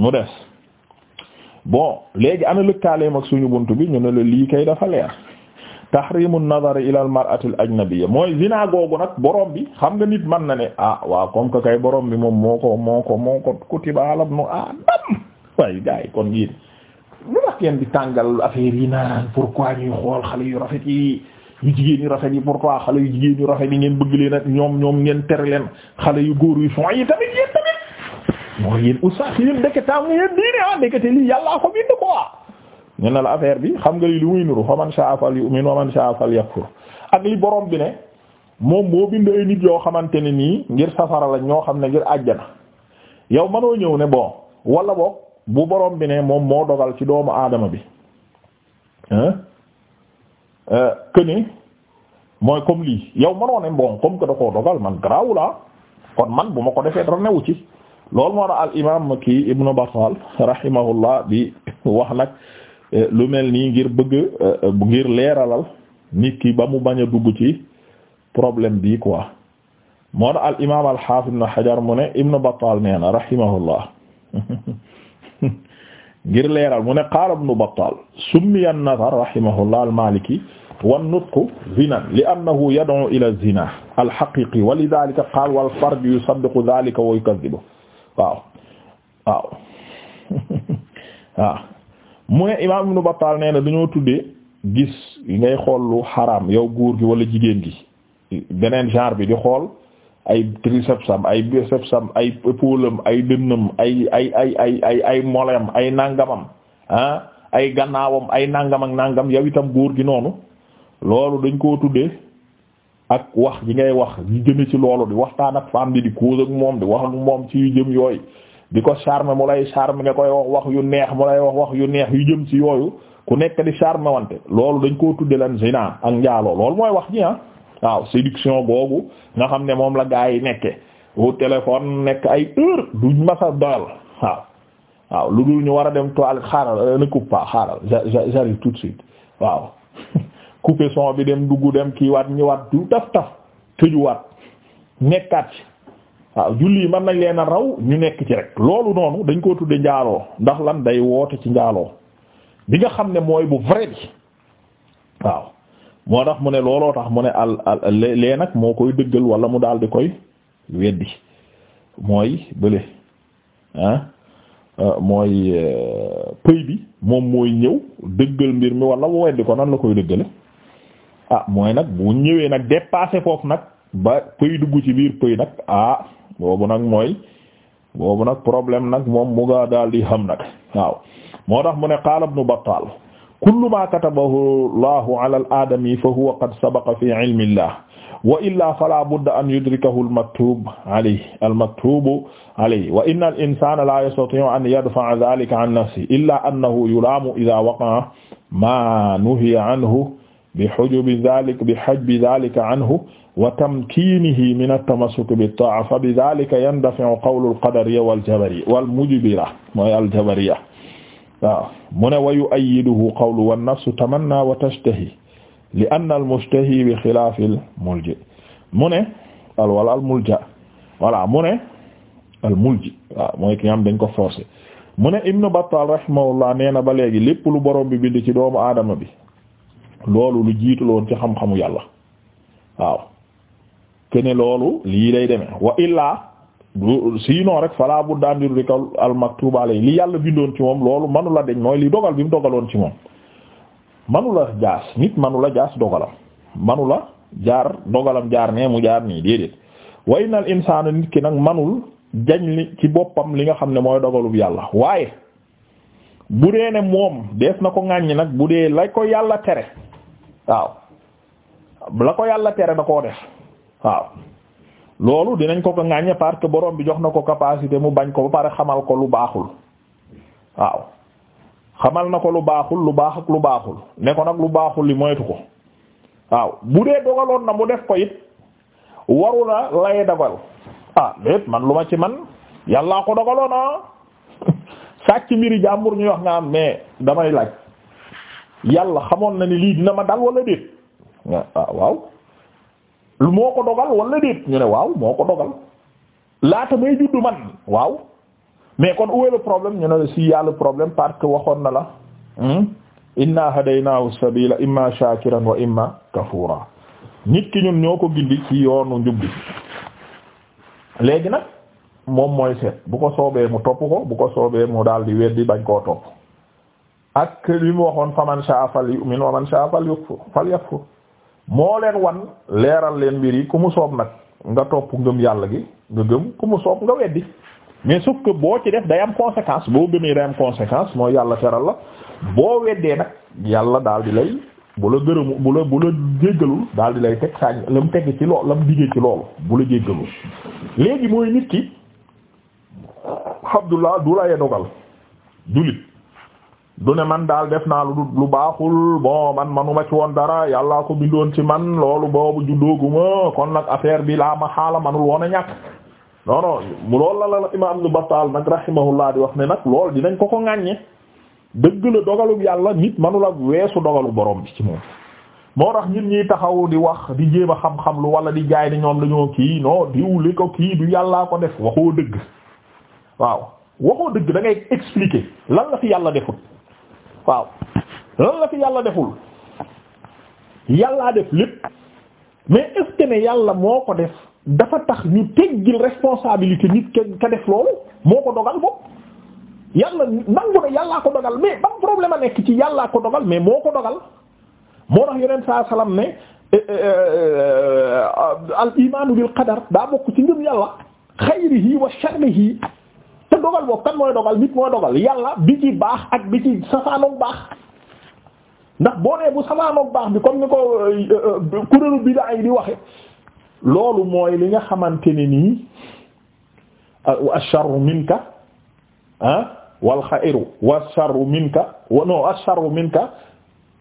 mu des bon léegi ana lëkkaaleem ak suñu bunt bi ñu ne la lii kay dafa leer tahrimu an-nazari ila al-mar'ati al-ajnabiyya mooy zina googu nag borom bi xam nga nit man na ne ah waaw comme que kay borom bi moom moo ko moo ko moo ko kutiba ala ibn adam waaye gars yi kon yéen lu tax ngeen di tàngal affaire yi naan pourquoi ñuy xool xale yu rafet yi yu jigéen yu rafet yi pourquoi xale yu jigéen yu rafet yi ngeen bëgg leen ak ñoom ñoom ngeen tere leen xale yu góor yi moo yéen oustaz yéen ndeke taam nga yéen ah ndekete lii yàllaa ko bind quoi ñu ne la affaire bi xam nga lii lu muy nuru faman sha'a falyu'min wa man sha'a falyakfur ak li borom bi ne moom moo bind ay nit yoo xamante ne nii ngir safara la ñoo xam ne ngir àjjana yow mënoo ñëw ne bon wala boog bu borom bi ne moom moo dogal ci doomu aadama bi euh, que ni mooy comme lii yow mënoo ne bon comme que da koo dogal man garaawu ah. kon man bu ma ko defee dara newu ci. loolu moo tax al imaam kii ibnu Battal rahimahullah bi wax nag eh, lu mel nii ngir bëgg eh, ngir leeralal nit ki ba mu bañ a dugg ci problème bi quoi moo tax al imaam al haafid ibnu Hajar mu ne ibnu Battal nee na rahimahullah ngir leeral mu ne qaala ibnu Battal summiya an-nazar rahimahullah al-Maliki wan-nutqu zinan li annahu yad'u ila az-zina al-haqiqi wa lidhalika qaala wal-farju yusaddiqu dhalika wa yukadhdhibuhu waaw waaw waaw mu ne imaam Ibn Battal nee na dañoo tuddee gis ngay xool lu xaraam yow góor gi wala jigéen gi beneen genre bi di xool ay triceps ay biceps am ay épaule ay dënnam ay ay ay ay ay ay ay nangamam ah, ay gannaawam ay nangam ak nangam yow itam góor gi noonu loolu dañ koo tuddee. ak wax yi ngay wax ñu jëme ci loolu di waxtaan ak femme bi di cause ak moom di wax ak moom ci yu jëm yooyu di ko charme mu lay charme nga koy wax wax yu neex mu lay wax wax yu neex yu jëm ci yooyu ku nekk di charme wante loolu dañ koo tudde lan zina ak njaaloo loolu mooy wax ji ah waaw séduction boobu nga xam ne moom la gaa yi nekke au téléphone nekk ay heure duñ masa doyal waaw lu dul ñu war a dem toilette xaaral ne coupe pas xaaral j'arrive tout de suite waaw coupé son bi dem dugg dem kii waat ñëwaat du taf taf tëjuwaat nekkaat ci waaw julli yi mën nañ leen a raw ñu nekk ci rek loolu noonu dañ koo tudde njaaloo ndax lan day woote ci njaaloo bi nga xam ne mooy bu vrai bi waaw moo tax mu ne looloo tax mu ne al al lee nag moo koy dëggal wala mu daal di koy weddi mooy bële ah euh, mooy euh, pëy bi moom mooy ñëw dëggal mbir mi wala mu weddi ko nan la koy dëggale ah mooy nag bu ñëwee nag dépassé foofu nag ba pëy dugg ci biir pëy nag ah boobu nag mooy boobu nag problème nag moom mu nga daal di xam nag waaw moo tax mu ne qaala ibnu Battaal kullu maa katabahu llahu ala al aadami fa huwa qad sabaqa fi ilmi illah wa illaa fala budda an yudrikahu almaktub alayhi almaktubu alayhi wa inna al insana la yastati'u an yadfa'a dhalika an nafsihi illa annahu yulaamu idha waqa'a ma nuhiya anhu bi hujubi zaalika bi hajbi zaalika anhu wa tamkiinihi min at-tamassuk bit-taa'a fa bi zaalika yandafi'u qawlu al-qadariyya wal-jabariyya wal-mujbira mooy al-jabariyya waaw mu ne wa yu'ayyiduhu qawlu wan-nafsu tamannaa wa tashtahi li anna al-mushtahi bi xilaafi al-mulji mu ne wala al-mulja voilà mu ne al-mulji waaw mooy ki nga xam dañ ko forcer mu ne Ibn Battal rahimahullah nee na ba léegi lépp lu borom bi bind ci doomu aadama bi. loolu lu jiitu ci xam-xamu yàlla waaw kene loolu lii lay demee wa illaa du sinon rek fala bu daandiru di kaw almaktub alay li yàlla bindoon ci moom loolu manula deñ mooy li dogal bi mu dogaloon ci moom manula jaas nit manula jaas dogalam manula jaar dogalam jaar ne mu jaar nii déedéet wa innal insaana nit ki nag manul jañ li ci boppam li nga xam ne mooy dogalub yàlla waaye bu dee ne moom dees na ko ŋàññi nag bu dee la ko yàlla tere waaw la ko yàlla tere da koo def waaw loolu dinañ ko ko ŋàññe parce que borom bi jox na ko capacité mu bañ ko ba pare xamal ko lu baaxul waaw xamal na ko lu baaxul lu baax ak lu baaxul ne ko nag lu baaxul li moytu ko waaw bu dee dogaloon na mu def ko it waru la lay dogal ah lépp man lu ma ci man yàllaa ko dogaloon ah sàcc mbiri jàmbur ñuy wax nga am mais damay laaj yàlla xamoon na ni lii dina ma dal wala déet ah, waaw lu moo ko dogal wala déet ñu ne waaw moo ko dogal laata may juddu man waaw mais kon où problème ñu ne si yàlla problème parce que waxoon na la hmm? inna hadaynaahu sabila imma shakiran wa imma kafura nit ki ñun ñoo ko gindi ci yoonu njub léegi nag moom mooy seet bu ko soobee mu topp ko bu ko soobee mu daal di weddi bañ koo topp ak li mu waxoon faman sha'a falyu'min wa man sha'a falyakfur falyakfur moo leen wan leeral leen mbir yi ku mu soob nag nga topp ngëm yàlla gi nga gëm ku mu soob nga weddi mais sauf que boo ci def day am conséquence boo gëmee day am conséquence mooy yàlla teral la boo weddee nag yàlla daal di lay bu la gërëmu bu la bu la jéggalul daal di lay teg saañ la mu teg ci lool la mu diggee ci loolu bu la jéggalul léegi mooy nit ki Abdullah du la dogal dulit du ne man daal def naa lu lu baaxul bon man manuma ci woon dara yàllaa ko bindoon ci man loolu boobu juddooguma kon nag affaire bi laa ma xaala manul woon a ñàkk non non mu loolu la la imam Ibn Battal nag rahimahullah di wax ne nag lool dinañ ko ko ŋàññe dëgg la dogalub yàlla nit manula weesu dogalu borom bi ci moom moo tax ñun ñuy taxaw di wax di jéem a xam-xam lu wala di jaay ni ñoom dañoo kii non diw ko kii du yàllaa ko def waxoo dëgg waaw waxoo dëgg da ngay expliquer lan waaw lan la fi yàlla deful yàllaa def lépp mais est ne yàlla moo ko def dafa tax ñu teggil responsabilité nit ka def loolu moo ko dogal bopp yàlla nangu ne yàllaa ko dogal mais ban problème a nekk ci yàllaa ko dogal mais moo ko dogal moo tax yeneen saa salaam ne e, e, e, al imaanu bil qadar daa bokk ci ngëm yàlla xayrihi wa sharrihi te dogal boobu kan mooy dogal nit mooy dogal yàlla bi ci baax ak bi ci safaanoog baax ndax boo nee bu safaanoog baax bi comme ni ko euh, kuréelu bid'a yi di waxe loolu mooy li nga xamante ni nii asharru minka ah minka non minka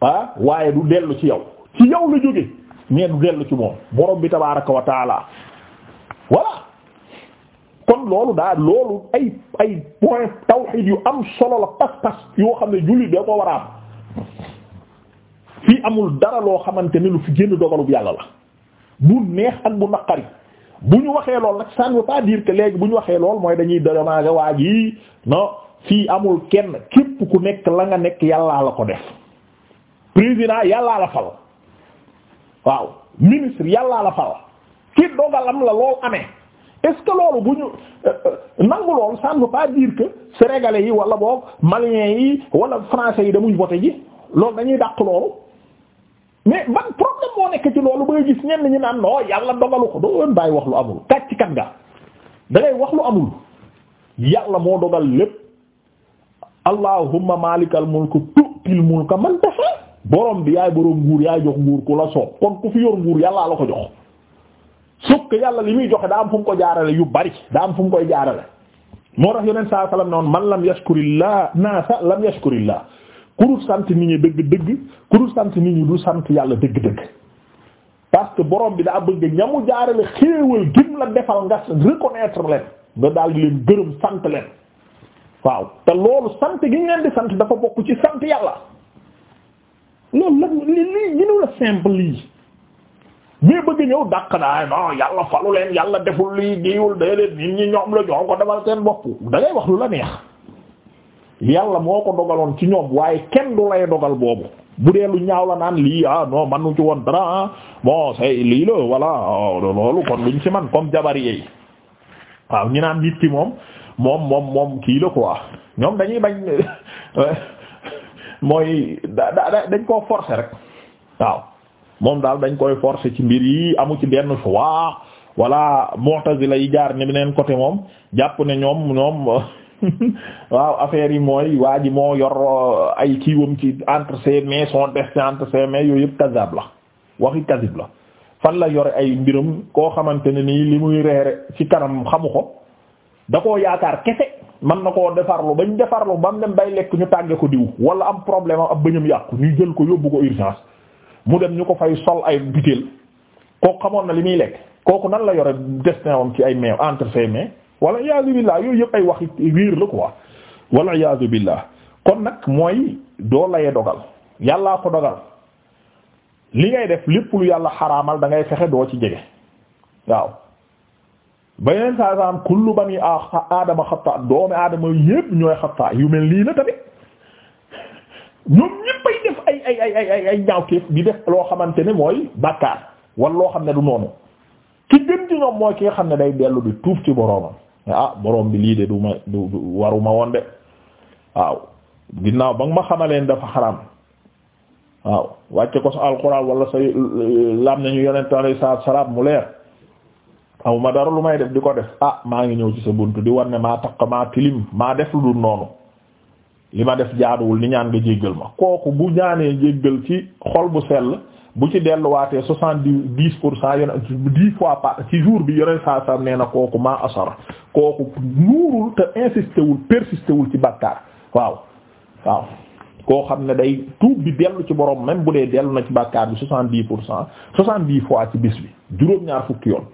ah, waaye du dellu ci yow ci yow la jóge mais du dellu ci moom borom bi tabaaraka wa taala loolu daal loolu ay ay point tawhid yu am solo la pas-pas yoo xam ne jullit da ko war a am fii amul dara loo xamante ni lu fi génn dogalub yàlla la bu neex ak bu naqari bu ñu waxee lool nag ça ne diir pas dire léegi bu ñu waxee lool mooy dañuy dédommager waa ji non fii amul kenn képp ku nekk la nga nekk yàllaa la ko def président yàllaa la fal waaw ministre yàllaa la fal ki dogalam la lool amee. est-ce que loolu bu ñu euh, euh, nangu loolu ça ne pas dire que sénégalais yi wala boog maliens yi wala français yi damuy voté ji loolu dañuy dàq loolu mais ban problème moo nekk ci loolu ba nga gis ñenn ñi naan non yàlla dogalu ko doo leen bàyyi wax lu amul kàcc kat nga da wax lu amul yàlla moo dogal lépp allahumma malikal mulku tu'til mulka man tasha borom bi yaay borom nguur yaay jox nguur ku la soob kon ku fi yor nguur yàllaa la ko jox. sukk yàlla li muy joxe daa am fu mu ko jaarale yu bari daa am fu mu koy jaarale moo tax yonent saa sallam noonu man lam yashkurillah naasa lam yashkurillah ku dul sant nit ñi dëgg dëgg ku sant nit ñi du sant yàlla dëgg dëgg parce que borom bi daa bëgg ñamu jaarale xéewal gim la defal nga reconnaître leen nga daal di leen gërëm sant leen waaw te loolu sant gi ñu leen di sant dafa bokk ci sant yàlla loolu la li li gënu la simple lii ñii bëgg ñëw dàq naa non yàlla falu leen yàlla deful lii diwul day leen nit ñi ñoom la ñoo ko defal seen bopp da wax lu la neex yàlla moo ko dogaloon ci ñoom waaye kenn du lay dogal boobu bu dee lu ñaaw la naan lii ah non manu ci woon dara ah bon c'est lii la voilà oh, loolu kon luñ ci man comme jabar yeey waaw ñu naan nit ki moom moom moom moom kii la quoi ñoom dañuy bañ mooy da da dañ koo forcer rek waaw. moom daal dañ koy forcer ci mbir yi amu ci benn choix wala mu'tazila yi jaar ni beneen côté moom jàpp ne ñoom ñoom waaw affaire yi mooy waa ji moo yor euh, ay kiiwam ci entre ses son destin entre ses mains yooyu yëpp kazab la waxi kazib la fan la yore ay mbiram koo xamante ne nii li muy reere ci kanam xamu ko da koo yaakaar kese mën na koo defarlu bañ defarlu ba mu dem bay lekk ñu tàggee ko diw wala am problème am ab bëñam yàqu ñu jël ko yóbbu ko urgence mu dem ñu ko fay sol ay butéel kooku xamoon na li muy lekk kooku nan la yore destin wam ci ay meew entre ses mains wala iyaazu billah yooyu yëpp ay wax riir la quoi wala iyaazu billah kon nag mooy doo laye dogal yàllaa ko dogal li ngay def lépp lu yàlla xaraamal da ngay fexe doo ci jege waaw beneen saa saa am kullu bani aadama xataa doomi aadama yépp ñooy xataa yu mel nii la tamit ñoom ñëppay def ay ay ay ay ay ay def loo xamante ne mooy bàkkaar wala loo xam ne du noonu ki gën ci ñoom mooy ki xam ne day dellu bi tuub ci boroomam ah boroom bi lii de du ma du du waruma woon de waaw ginnaaw ba nga ma xamaleen dafa xaram waaw wàcce ko sa alxuraan wala sa lam nañu yeneen alayhi salaatu salaam mu leer aw ma dara lu may def di ko def ah maa ngi ñëw ci sa bunt di war ne maa taq maa tilim maa def lu dul noonu li ma def jaaduwul ni ñaan nga jéggal ma kooku bu ñaanee jéggal ci xol bu sell bu ci delluwaatee soixante dix pour cent yone dix fois par ci jour bi yoneen saa saa nee na kooku maa asara kooku nuurul te insisté wul persisté wul ci bàkkaar waaw waaw koo xam ne day tuub bi dellu ci borom même bu dee dellu na ci bàkkaar bi soixante dix pour cent soixante dix fois ci bis bi juróom-ñaar fukki yoon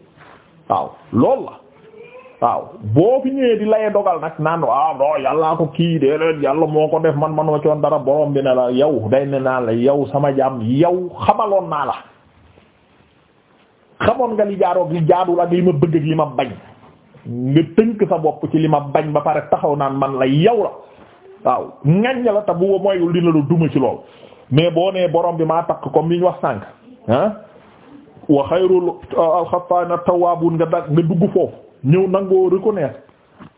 waaw loolu la waaw boo fi ñëwee di laye dogal nag naan waaw ah non yàllaa ko kii déedéet yàlla moo ko def man man ma coon dara borom bi ne la yow day ne naa la yow sama jaam yow xamaloon naa la xamoon nga li jaaroog li jaadul ak li ma bëgg ak li ma bañ nga tënk sa bopp ci li ma bañ ba pare taxaw naan man la yow la waaw ŋañña la te bu moyul dina la duma ci lool mais boo nee borom bi maa takk comme li wax sànk ah wa xayrul xafaana tawaabuun nga dugg foofu ñëw nangoo reconnaître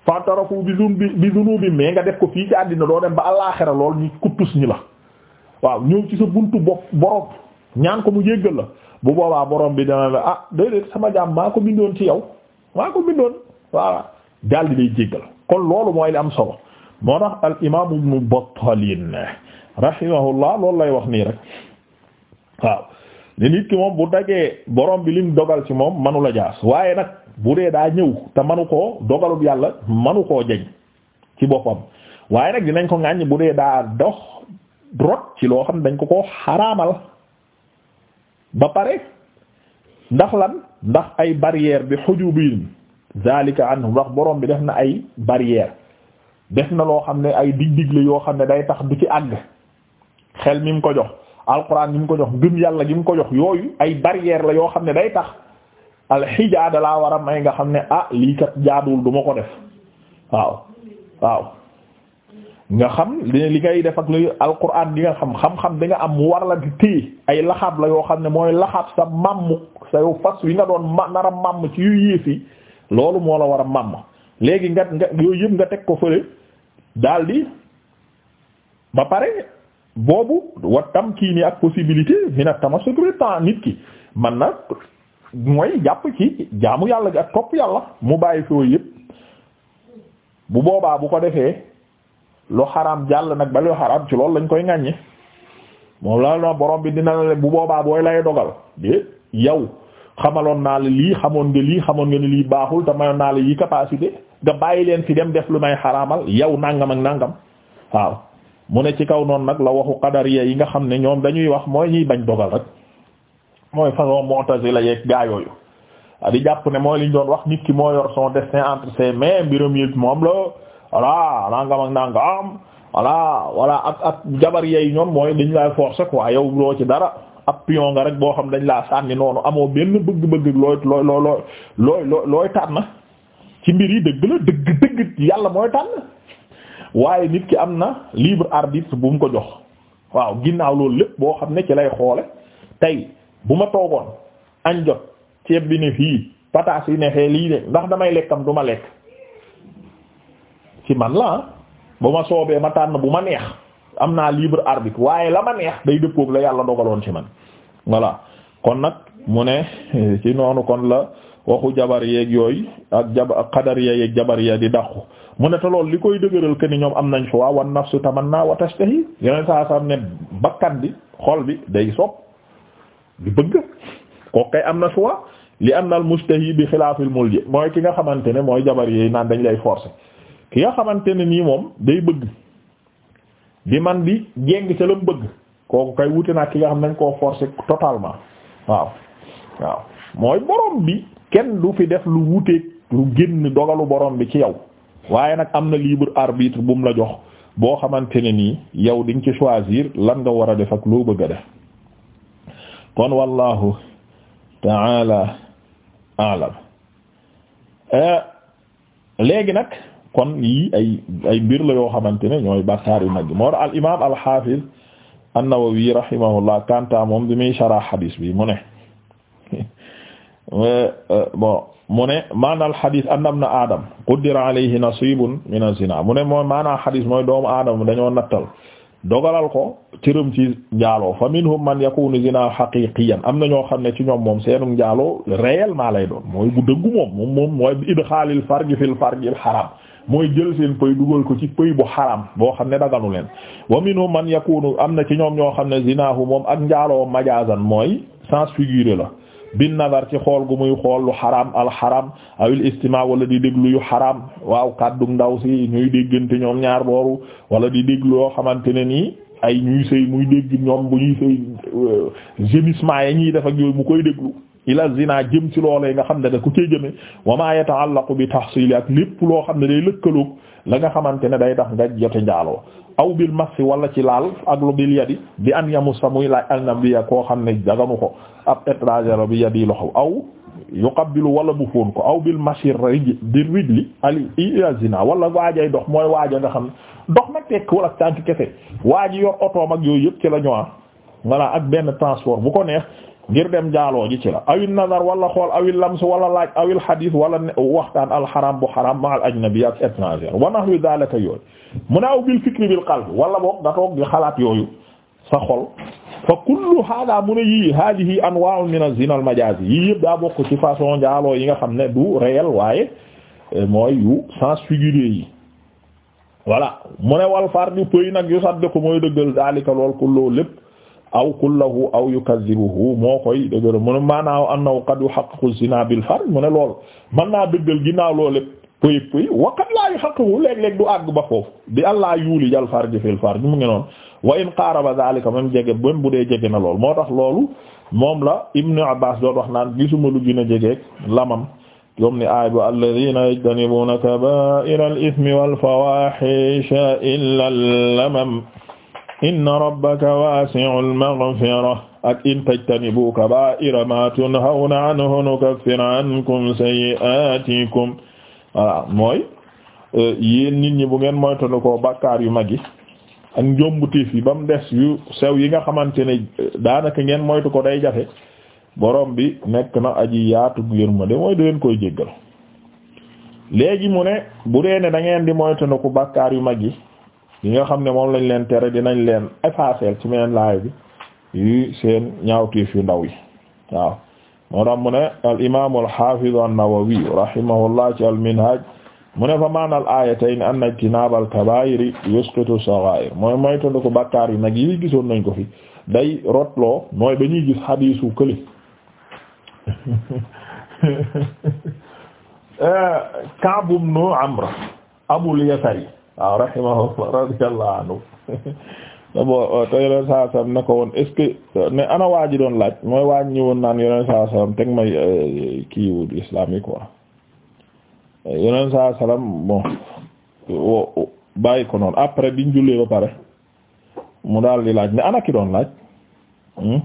fantarafu bi zun bi bi zunu bi mais nga def ko fii ci àddina doo dem ba àllaaxira lool ñu kuttus ñi la waaw ñëw ci sa buntu bopp borom ñaan ko mu jéggal la bu boobaa borom bi dana la ah déedéet sama jaam maa ko bindoon ci yow maa ko bindoon waaw daal di lay jéggal kon loolu mooy li am solo moo tax al imaam ibnu Battalin rahimahullah loolu lay wax nii rek waaw ne nit ki moom bu dagee borom bi lim dogal ci moom manu la jaas waaye nag. bu dee daa ñëw te manu koo dogalub yàlla manu koo jeñ ci boppam waaye nag dinañ ko ŋàññ bu dee daa dox rot ci loo xam ne dañ ko ko xaraamal ba pare ndax lan ndax ay barrière bi xujubiin zalika anhu ndax boroom bi def na ay barrière def na loo xam ne ay dig-dig la yoo xam ne day tax du ci àgg xel mi mu ko jox alquran mi mu ko jox ngëm yàlla gi mu ko jox yooyu ay barrière la yoo xam ne day tax alxija laa war a may nga xam ne ah lii kat jaaduwul duma ko def waaw waaw nga xam li ngay def ak lu alquran di nga xam xam-xam di nga am mu war la di téye ay laxaab la yoo xam ne mooy laxaab sa màmm sa yow fas wi nga doon ma nar màmm ci yu yées yi loolu moo la war a màmm léegi nga nga yooyu yëpp nga teg ko fële daldi ba pare boobu wat tam kii nii ak possibilité mina tamassuk temps nit ki man na mooy jàpp ci jaamu yàlla gi ak topp yàlla mu bàyyi fi yooyu yëpp bu boobaa bu ko defee lu xaraam jàll nag ba lu xaraam ci loolu lañ koy ŋàññe moom la no borom bi dina la bu boobaa booy lay dogal de yow xamaloon naa la lii xamoon nga lii xamoon nga ni lii baaxul te mayoon naa la yi capacité nga bàyyi leen fi dem def lu may xaraamal yow nangam ak nàngam waaw mu ne ci kaw noon nag la waxu qadariya yi nga xam ne ñoom dañuy wax mooy ñuy bañ dogal rek mooy façon mu'tazila yeeg gaa yooyu ah, di jàpp ne mooy liñ doon wax nit ki moo yor son destin entre ses mains mbiram yëpp moom la voilà nangam ak nangam voilà ak ak jabar yeey ñoom mooy dañ laa forcer quoi yow loo ci dara ab rek boo xam dañ laa sànni noonu amoo benn bëgg-bëgg looy looy looy looy looy tànn ci mbir yi dëgg yàlla mooy tànn waaye nit ki am na libre arbitre bu ko jox waaw ginnaaw loolu lépp boo xam ne ci lay xoole tey bu ma toogoon añ jot ceeb bi ne fii pataas yi ne fee lii de ndax damay lekkam du ma lekk ci man la ah. bu ma soobee ma tànn bu ma neex am naa libre arbitre waaye la ma neex day dëppoog la yàlla dogaloon ci man voilà kon nag mu ne ci noonu kon la waxu jabar yeeg yooyu ak jab ak xadar yeeg jabar yeeg di dàqu mu ne te li koy dëgëral que ñoom am nañ choix wan nafsu tamanna wa tashtahi yeneen saa saa ne bakkan bi xol bi day soob di bëgg kooku kay am na choix li am na al mustahi bi xilaafil mulji mooy ki nga xamante ne mooy jabar yi naan dañ lay forcer ki nga xamante ne nii moom day bëgg di man di jéng ca la bëgg kooku kay wute naa ki nga xam nañ koo forcer totalement waaw waaw mooy borom bi kenn du fi def lu wuteeg lu génn dogalu borom bi ci yow waaye nag am na libre arbitre bu mu la jox boo xamante ne nii yow di nga ci choisir lan nga war a def ak loo bëgg a def kon wallahu taala alam eh, léegi nag kon yii ay ay la yoo xamante ne ñooy bàkkaar yu mag yi moo al imam al hafiz kanta moom bi muy sharah hadis bi mu ne eh, eh, bon mu ne maanaam hadis anna ibna adam qaddara alayhi nasibun min az-zina mu ne moom maanaam hadis mooy doomu aadama dañoo nattal dogalal ko cërëm ci njaaloo fa minhum man yakunu zina haqiqiyan am na ñoo xam ne ci ñoom moom seenum njaaloo réellement lay doon mooy bu dëggu moom moom moom mooy idxaalil farji fil farjil haram mooy jël seen pëy dugal ko ci pëy bu xaraam boo xam ne daganu leen wa minhum man yakunu am na ci ñoom ñoo xam ne zinaahu moom ak njaaloo majaazan mooy sens figuré la bin nazar ci xool gu muy xool lu xaraam al xaraam awil istima wala di déglu yu xaraam waaw kàddu ndaw si ñuy déggante ñoom ñaar booru wala di déglu yoo xamante ne nii ay ñuy sëy muy dégg ñoom bu ñuy sëy euh, gémissement ya ñuy def ak yooyu mu koy déglu ila zina jëm ci loolee nga xam ne da ku cee jëme wa ma yata'allaqu bi tahsili ak lépp loo xam ne day lëkkaloog la nga xamante ne day tax nga jote njaaloo aw bil massi wala ci laal ak lu bil yadi bi an yamussa muy laaj alnabiya koo xam ne daganu ko ab étranger bi yadi loxo aw yu yuqabbilu wala bu foon ko aw bil massi rij di rijli ali ila zina wala waajay dox mooy waaja nga xam dox nag tekk wala tànk kese waa ji yor otoom ak yooyu yëpp ci la ñëwaat voilà ak benn transport bu ko neex ngir dem jaaloo ji ci la awil nazar wala xool awil lams wala laaj awil xadis wala waxtaan alxaram bu xaram ma al ajnabi ak mu ne aw bil fikri bil qalbi wala boog nga toog xalaat yooyu sa xol fa kullu hada mu ne yii hadihi anwa'u min az-zina al-majazi yii yëpp daa ci façon jaaloo yi nga xam ne du réel waaye eh, mooy yu sens figuré yi voilà mu ne wal fardu pëy nag yu saddiqu mooy dëggal zalika lool kullu lépp aw kullahu aw yukazzibuhu moo koy dëgër mu ne maanaaw annahu qad yuhaqqiqu zina bil fard mu ne lool mën naa dëggal ginnaaw loolu puy puy wa qad la yuhaqqiqu léeg-léeg du àgg ba foofu bi allah yuuli jal farj fil farj mu ngi noonu wa in qaaraba zalika même jege même bu dee jege na lool moo tax loolu moom la ibnu abbas doon wax naan gisuma lu gën a jegeeg lamam yom ni aay ba alladhina yajtanibuna kaba'ira al-ithmi wal fawahisha illa al-lamam inna rabbaka waasi'ul maghfira ak in tajtanibu kabaa'ira ma tunhawna anhu nukaffir ankum sayyi'aatikum voilà mooy euh, yéen nit ñi bu ngeen moytanu ko bakkaar yu mag yi ak njombutiif yi ba mu des yu sew yi nga xamante ne euh, daanaka ngeen moytu ko day jafe borom bi nekk na aji yaatu yërmande mooy da leen koy jéggal léegi mu ne bu dee ngeen di moytanu ko bakkaar yu mag yi. yi nga xam ne moom lañ leen tere dinañ leen effacer ci meneen laay bi yu seen ñaawteef yu ndaw yi waaw moo tax mu ne al imaamu al xaafidu an-Nawawi rahimahullah ci al minhaj mu ne fa maanal aayatayn anna ijtinaabal kabaa'iri yusqitu saghaa'ir mooy mooy tënd ko bakkaar yi nag yi gisoon nañ ko fi day rotloo mooy ba ñuy gis xadiisu kële eh, Ka'b ibn Amr Abul Yasari waaw rahimahullah radiyallahu anhu dabo te yoneen saa sallam ne ko woon est-ce ne ana waa ji doon laaj mooy waa ji ñëwoon naan yoneen saa sallam teg may eh, kiiwu islamique quoi yoneen saa sallam bon bàyyi ko noonu après biñ jullee ba pare mu daal di laaj ne ana ki doon laaj hmm?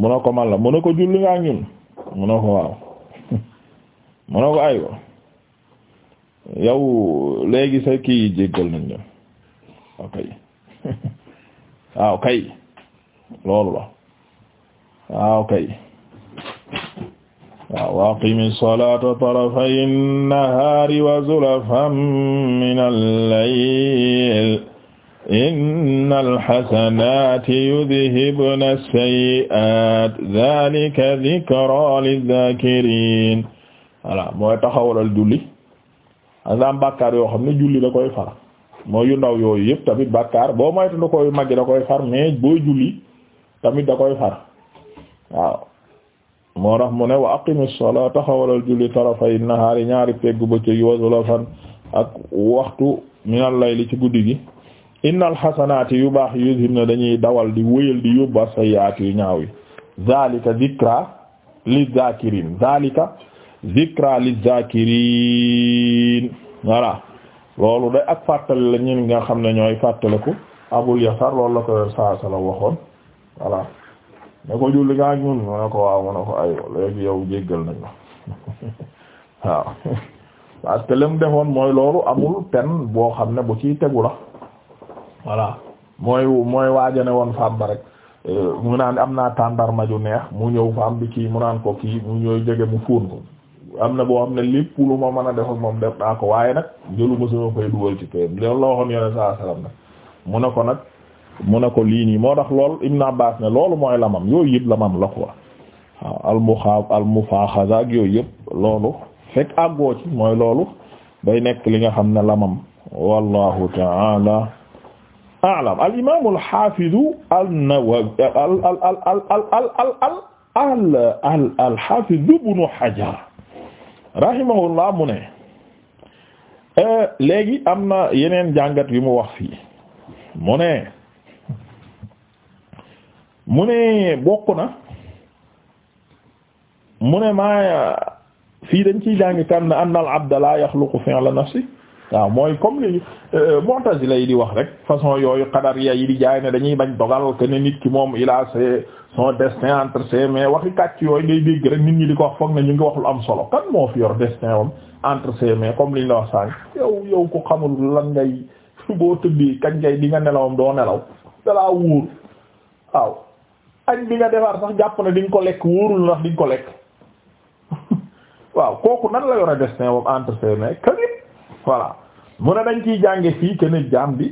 mu ne ko man la mu ne ko julli nga ak ñun mu ne ko waaw mu ne ko aywa yow léegi sa kii jéggal nañ la waaw kay waaw kay loolu la waaw kay waaw waqimi salata tarafay nahari wa zulafan min al-layl inna al-hasanati yudhhibna as-sayyi'at dhalika dhikra lidh-dhakirin voilà mooy taxawalal julli nga am bàkkaar yoo xam ne julli da koy far mooy yu ndaw yooyu yëpp tamit bàkkaar boo moytu da koy da koy far mais boo da koy far tax mu ne wa aqimi salaa taxawalal julli tarafay nahaari ñaari peggu bëccëg wa zulafan ak waxtu minal layli ci guddi gi innal xasanaati yu baax yuzhibna dañuy dawal di wëyal di yóbbu sayyiaati yu ñaaw zalika zikra li zakirin zalika zikra lizakirin voilà loolu day ak fàttali la ñun nga xam ne ñooy fàttaliku abul yasar loolu la ko saa sala waxoon voilà ne ko julli nga ak ñun mu ne ko waaw mu ne ko ay léegi yow jéggal nañ la waaw parce lem defoon mooy loolu amul pen boo xam ne bu ci tegu la voilà mooy mooy waajane woon fam ba rek euh, mu naan am naa tàndarma ju neex mu ñëw fam bi kii mu naan ko kii mu ñëw jege mu fóon ko am na boo xam ne lépp lu mën a def ak moom def naa ko waaye nag jëluma sama koy dugal ci payam loolu waxoon yoneen saa sallam mu ne ko nag mu ne ko lii nii moo tax lool Ibn Abbas na loolu mooy lamam yooyu yëpp lamam la quoi waaw almuxaab almufaaxaza yooyu yëpp loolu fekk àggoo mooy loolu day nekk li nga xam ne lamam wallahu taala a'lam al imam al hafiz al nawawi al al al al al al al al al hafiz ibn hajar laa mu ne euh, léegi am na yeneen jàngat yu mu wax fii mu ne mu ne bokk na mu ne maa fii dañ ciy jàng kan na anna al abda la yaxluqu fi'la nafsi waaw mooy comme li euh, Mu'tazila yi di wax rek façon yooyu qadariya yi di jaay ne dañuy bañ dogal que ne nit ki moom il a son destin entre ses mains waxi kàcc yooyu ngay dégg rek nit ñi di ko wax foog na ñu ngi wax lu am solo kan moo fi yor destin am entre ses mains comme liñ la wax sànq yow yow ko xamul lan ngay boo tëddee kañ ngay di nga nelawam doo nelaw dalaa wóor waaw añ bi nga defar sax jàpp na di nga ko lekk wóorul ndax di nga ko lekk waaw kooku nan la yor a destin am voilà mu ne dañ ciy jànge fii que jaam bi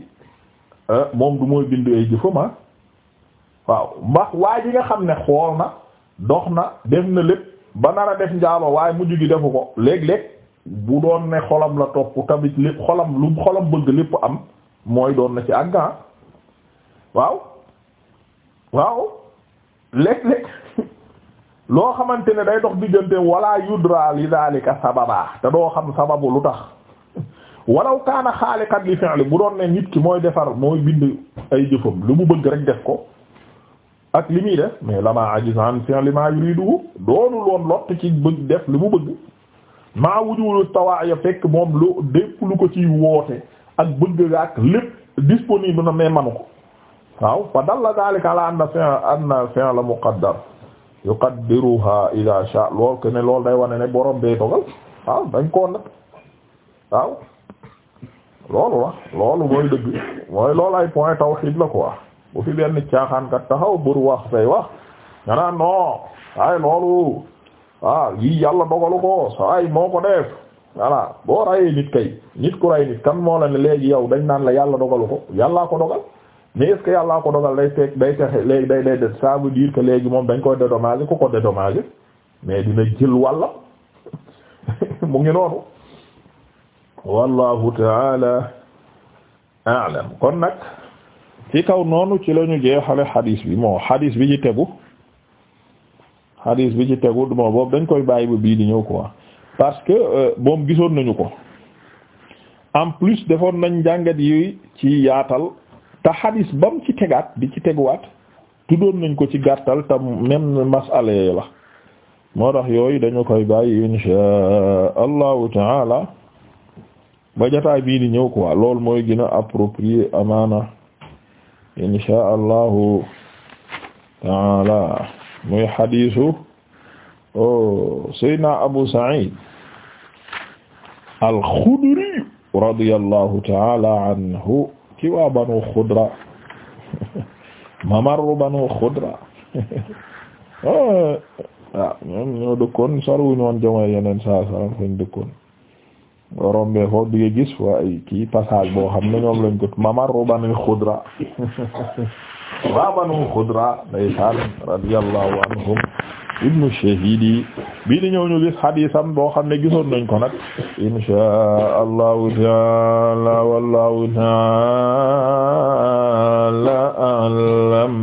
euh, moom du mooy bindu ay jëfam ah waaw mbax waa ji nga xam ne xool na dox na def na lépp ba nar a def njaalo waaye mujj gi defu ko léeg-léeg bu doon ne xolam la topp tamit lépp xolam lu xolam bëgg lépp am mooy doon na ci àgg ah. waaw waaw léeg-léeg loo xamante ne day dox diggante wala yudra yi daalika sababa te doo xam sababu lu tax walaw kaana xaaliqan li fi'li bu doon ne nit ki mooy defar mooy bind ay jëfam lu mu bëgg rek def ko ak li muy def mais lama ajiz an fi'li ma yuridu doonul woon lott ci bëgg def lu mu bëgg maa wujudu tawaaya fekk moom lu dépp lu ko ci woote ak bëgg ak lépp disponible na mais manu ko waaw fa dalla daalika ala anna fi'l anna fi'l muqaddar yuqaddiruha idha sha lool ke ne loolu day wane ne borom bee dogal waaw dañ koo nag waaw loolu la loolu mooy dëgg mooy loolu ay point tawhid la quoi bu fi benn caaxaan kat taxaw bur wax say wax nga naan non ay loolu ah yii yàlla dogalu ko sa ay moo ko def voilà boo rayee nit kay nit ku ray nit kan moo la ne léegi yow dañ naan la yàlla dogalu ko yàllaa ko dogal mais est-ce yàllaa ko dogal day teg day texe léegi day day def ça veut dire que léegi moom dañ koy dédommager ku ko dédommager mais dina jël wàlla mu ngi noonu wallahu taala aalam kon nag ci kaw noonu ci lañu jeexale xadiis bi moo xadiis bi ci tegu xadiis bi ci tegu moo boobu dañ koy bàyyi ba bii di ñëw quoi parce que euh, moom gisoon nañu ko en plus defoon nañ njàngat yi ci yaatal te xadiis bam ci tegaat di ci teguwaat tuddoon nañ ko ci gàttal te même masale la moo tax yooyu dañu koy bàyyi insha allahu taala ba jotaay bii di ñëw quoi mooy gën a approprié amaana insha allahu taala muy hadisu o oh, Abu Sa'id al-Khudri radiyallahu taala anhu ki banu Khudra mamaru banu Khudra waaw oh, ah, ñoom ñoo dëkkoon sarwuñoon jamono yeneen saa salam fuñ dëkkoon rombee foofu di nga gis waa kii passage boo xam ne ñoom lañ ko mamar banu xudra waa banu xudra ndeysaan radiyallahu anhum ibnu shahidi bii di gis xadiisam boo xam ne gisoon nañ ko nag inshaa allahu taala wallahu taala alam